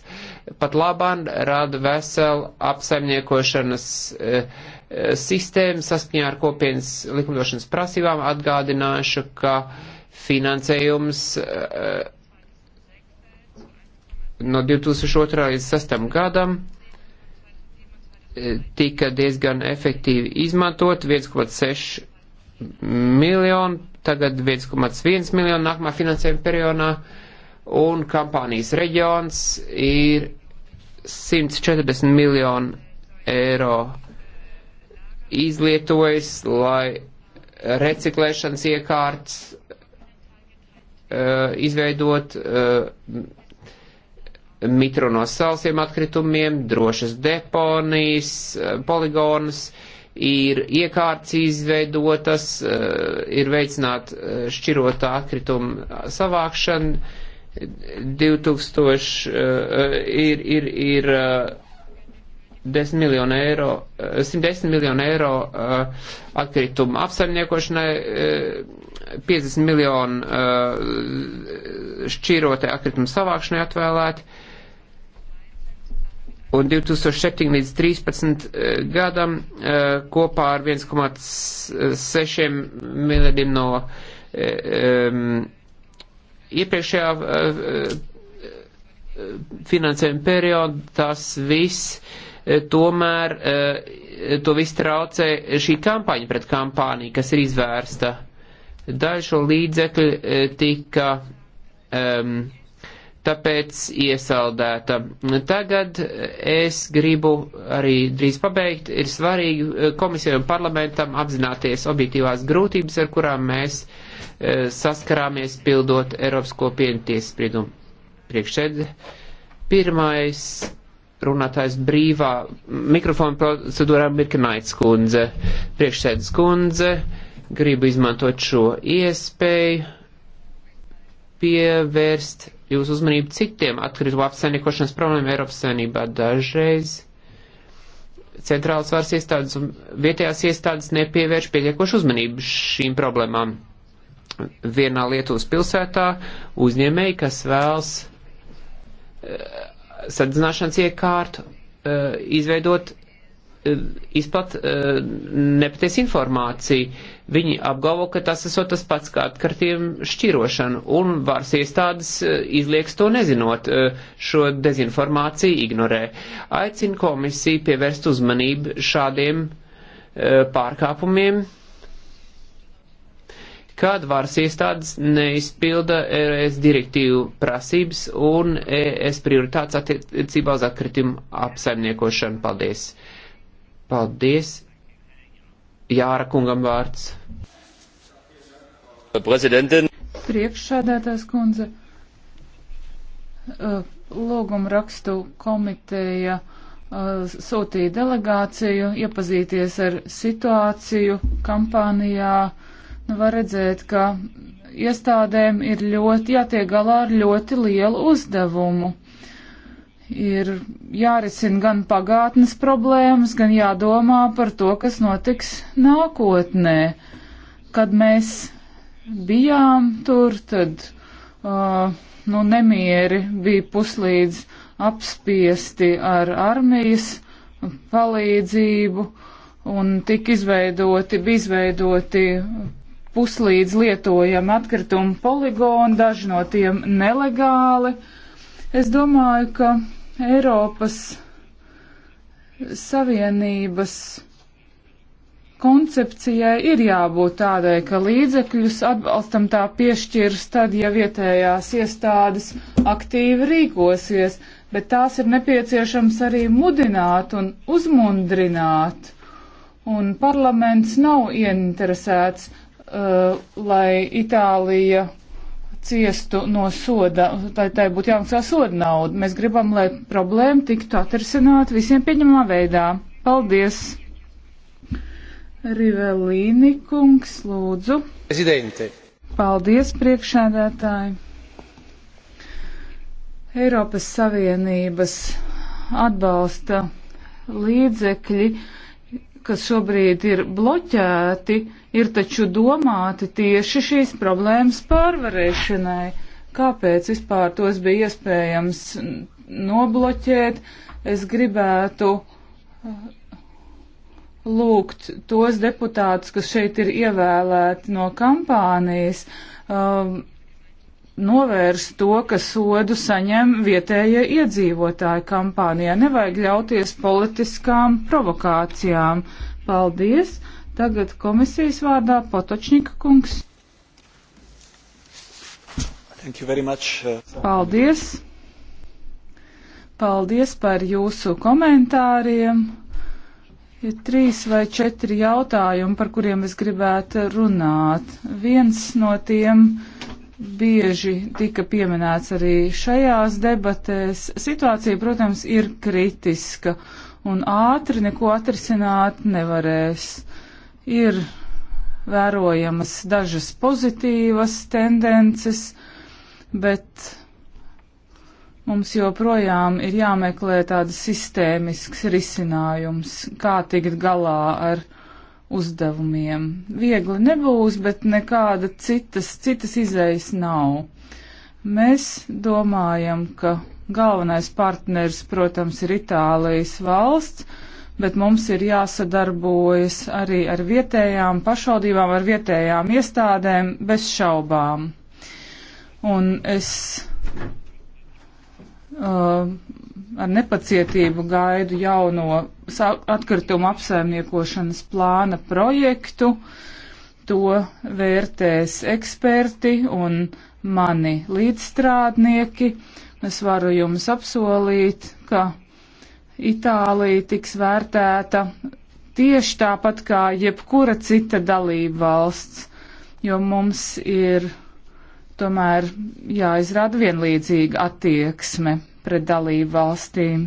pat labāk rada veselu apsaimniekošanas eh, sistēmu saskaņā ar kopienas likumdošanas prasībām. Atgādināšu, ka finansējums eh, no 2002. līdz 2006. gadam tika diezgan efektīvi izmantot 1,6 miljonu, tagad 1,1 miljonu nākamā finansējuma periodā, un kampānijas reģions ir 140 miljonu eiro izlietojis, lai reciklēšanas iekārts uh, izveidot uh, mitru no sausiem atkritumiem, drošas deponijas, uh, poligonus, uh, ir iekārts izveidotas, eh, ir veicināt eh, šķirotā atkrituma savākšanu, 2000 eh, ir, ir, ir 10 miljonu eiro, 110 miljonu eiro atkrituma apsaimniekošanai, 50 miljonu šķirotai atkrituma savākšanai atvēlēti un 2007 līdz 13 eh, gadam eh, kopā ar 1,6 miljardiem no um, iepriekšējā uh, finansējuma perioda, tas viss tomēr uh, to viss traucē šī kampaņa pret kampāniju, kas ir izvērsta. Daļa šo līdzekļu tika um, tāpēc iesaldēta. Tagad es gribu arī drīz pabeigt, ir svarīgi eh, komisijai un parlamentam apzināties objektīvās grūtības, ar kurām mēs e, saskarāmies pildot Eiropas kopienu tiesas spriedumu. Priekšēd pirmais runātājs brīvā mikrofona procedūrā Mirkanaits kundze. Priekšsēdus kundze, gribu izmantot šo iespēju pievērst jūsu uzmanību citiem atkritumu apsainīkošanas problēmu Eiropas Savienībā. Dažreiz centrālas varas iestādes un vietējās iestādes nepievērš pietiekošu uzmanību šīm problēmām. Vienā Lietuvas pilsētā uzņēmēji, kas vēlas uh, eh, sadzināšanas iekārtu uh, izveidot izplat e, nepatiesa informācija. Viņi apgalvo, ka tas esot tas pats kā atkartījumu šķirošana, un varas iestādes e, izlieks to nezinot, e, šo dezinformāciju ignorē. Aicina komisiju pievērst uzmanību šādiem pārkāpumiem, kad varas iestādes neizpilda ES direktīvu prasības un ES prioritātes attiecībā uz atkritumu apsaimniekošanu. Paldies! Paldies. Jāra kungam vārds. Prezidentin. Priekšsādātājs kundze. Eh, lūguma rakstu komiteja eh, sūtīja delegāciju iepazīties ar situāciju kampānijā. Nu, var redzēt, ka iestādēm ir ļoti jātiek galā ar ļoti lielu uzdevumu ir jārisina gan pagātnes problēmas, gan jādomā par to, kas notiks nākotnē. Kad mēs bijām tur, tad uh, nu, nemieri bija puslīdz apspiesti ar armijas palīdzību un tika izveidoti, bija izveidoti puslīdz lietojami atkritumu poligoni, daži no tiem nelegāli. Es domāju, ka Eiropas Savienības koncepcijai ir jābūt tādai, ka līdzekļus atbalstam tā piešķirs tad, ja vietējās iestādes aktīvi rīkosies, bet tās ir nepieciešams arī mudināt un uzmundrināt. Un parlaments nav ieinteresēts, uh, lai Itālija ciestu no soda, tai tai būtu jāmaksā soda nauda. Mēs gribam, lai problēma tiktu atrisināt visiem pieņemamā veidā. Paldies! Rivelīni kungs, lūdzu. Prezidente. Paldies, priekšādātāji. Eiropas Savienības atbalsta līdzekļi kas šobrīd ir bloķēti, ir taču domāti tieši šīs problēmas pārvarēšanai. Kāpēc vispār tos bija iespējams nobloķēt? Es gribētu uh, lūgt tos deputātus, kas šeit ir ievēlēti no kampānijas, um, novērst to, ka sodu saņem vietējie iedzīvotāji kampānijā. Nevajag ļauties politiskām provokācijām. Paldies! Tagad komisijas vārdā Potočņika kungs. Uh, Paldies! Paldies par jūsu komentāriem. Ir trīs vai četri jautājumi, par kuriem es gribētu runāt. Viens no tiem bieži tika pieminēts arī šajās debatēs. Situācija, protams, ir kritiska un ātri neko atrisināt nevarēs. Ir vērojamas dažas pozitīvas tendences, bet mums joprojām ir jāmeklē tāds sistēmisks risinājums, kā tikt galā ar uzdevumiem. Viegli nebūs, bet nekāda citas, citas izējas nav. Mēs domājam, ka galvenais partners, protams, ir Itālijas valsts, bet mums ir jāsadarbojas arī ar vietējām pašvaldībām, ar vietējām iestādēm bez šaubām. Un es uh, ar nepacietību gaidu jauno atkritumu apsaimniekošanas plāna projektu. To vērtēs eksperti un mani līdzstrādnieki. Es varu jums apsolīt, ka Itālija tiks vērtēta tieši tāpat kā jebkura cita dalība valsts, jo mums ir tomēr jāizrāda vienlīdzīga attieksme pret dalību valstīm.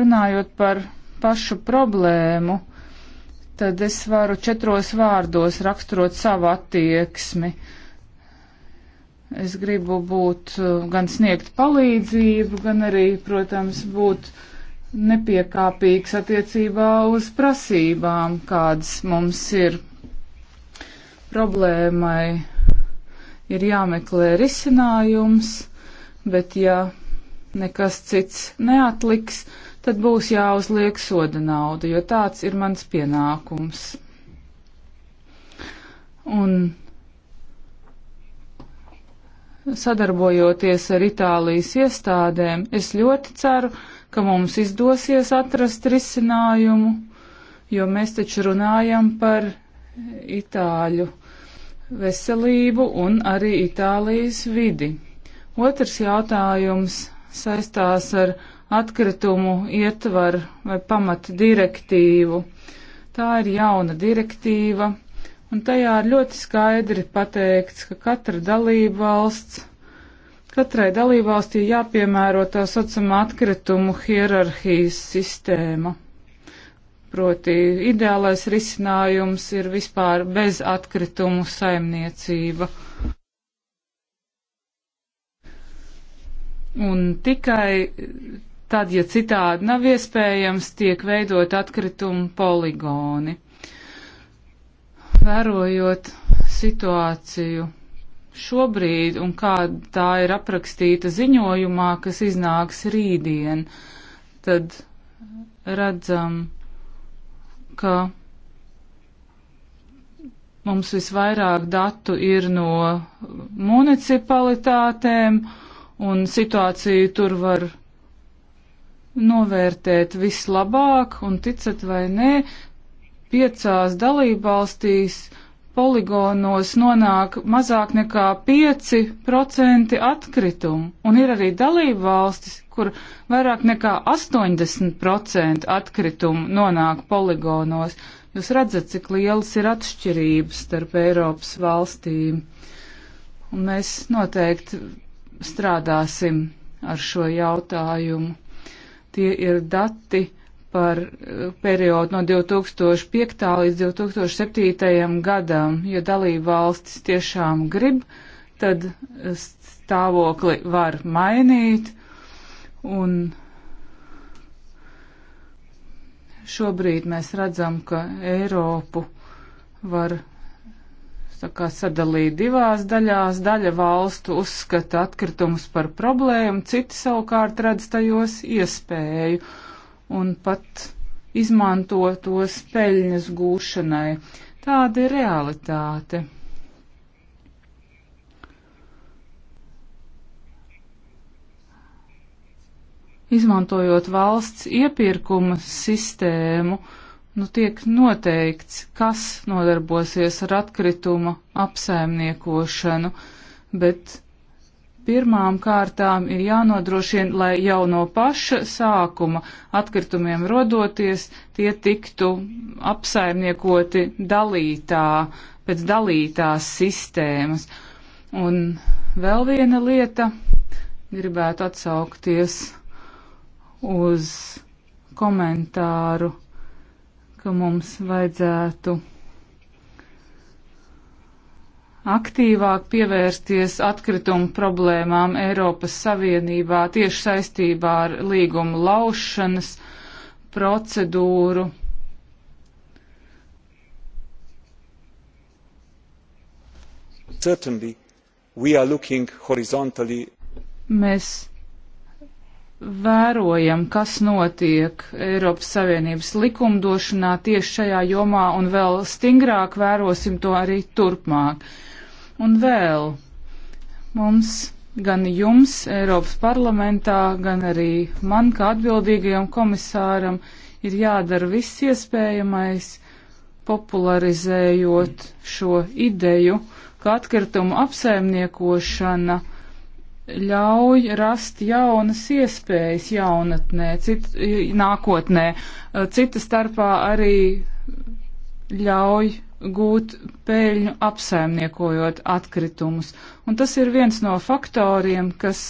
Runājot par pašu problēmu, tad es varu četros vārdos raksturot savu attieksmi. Es gribu būt uh, gan sniegt palīdzību, gan arī, protams, būt nepiekāpīgs attiecībā uz prasībām, kādas mums ir problēmai. Ir jāmeklē risinājums, bet ja nekas cits neatliks, tad būs jāuzliek soda nauda, jo tāds ir mans pienākums. Un sadarbojoties ar Itālijas iestādēm, es ļoti ceru, ka mums izdosies atrast risinājumu, jo mēs taču runājam par Itāļu veselību un arī Itālijas vidi. Otrs jautājums saistās ar atkritumu ietvaru vai pamata direktīvu. Tā ir jauna direktīva, un tajā ir ļoti skaidri pateikts, ka katra dalība valsts, katrai dalība valstī jāpiemēro tā saucamā atkritumu hierarhijas sistēma. Proti, ideālais risinājums ir vispār bez atkritumu saimniecība. Un tikai tad, ja citādi nav iespējams, tiek veidot atkritumu poligoni. Vērojot situāciju šobrīd un kā tā ir aprakstīta ziņojumā, kas iznāks rītdien, tad redzam, ka mums visvairāk datu ir no municipalitātēm, uh, un situāciju tur var novērtēt vislabāk, un ticat vai nē, piecās dalībvalstīs poligonos nonāk mazāk nekā 5% atkritumu, un ir arī dalībvalstis, kur vairāk nekā 80% atkritumu nonāk poligonos. Jūs redzat, cik lielas ir atšķirības starp Eiropas valstīm. Un mēs noteikti strādāsim ar šo jautājumu. Tie ir dati par eh, periodu no 2005. līdz 2007. gadam, ja dalība valstis tiešām grib, tad eh, stāvokli var mainīt un šobrīd mēs redzam, ka Eiropu var kā sadalīja divās daļās. Daļa valstu uzskata atkritumus par problēmu, citi savukārt redz tajos iespēju un pat izmanto tos peļņas gūšanai. Tāda ir realitāte. Izmantojot valsts iepirkuma sistēmu, uh, nu, tiek noteikts, kas nodarbosies ar atkritumu apsaimniekošanu, bet pirmām kārtām ir jānodrošina, lai jau no paša sākuma atkritumiem rodoties tie tiktu apsaimniekoti dalītā, pēc dalītās sistēmas. Un vēl viena lieta, gribētu atsaukties uz komentāru ka mums vajadzētu aktīvāk pievērsties atkritumu problēmām Eiropas Savienībā tieši saistībā ar līgumu laušanas procedūru. Certainly, we are looking horizontally. Mēs vērojam, kas notiek Eiropas Savienības likumdošanā tieši šajā jomā un vēl stingrāk vērosim to arī turpmāk. Un vēl mums, gan jums, Eiropas parlamentā, gan arī man kā atbildīgajam komisāram, ir jādara viss iespējamais, popularizējot šo ideju, ka atkritumu apsaimniekošana ļauj rast jaunas iespējas jaunatnē, cit, nākotnē, cita starpā arī ļauj gūt peļņu apsaimniekojot atkritumus. Un tas ir viens no faktoriem, kas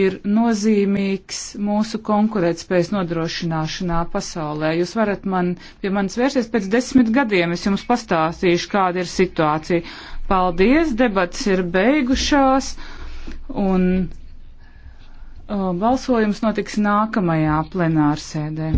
ir nozīmīgs mūsu konkurētspējas nodrošināšanā pasaulē. Jūs varat man pie manis vērsties pēc desmit gadiem, es jums pastāstīšu, kāda ir situācija. Paldies, debats ir beigušās un uh, balsojums notiks nākamajā plenārsēdē.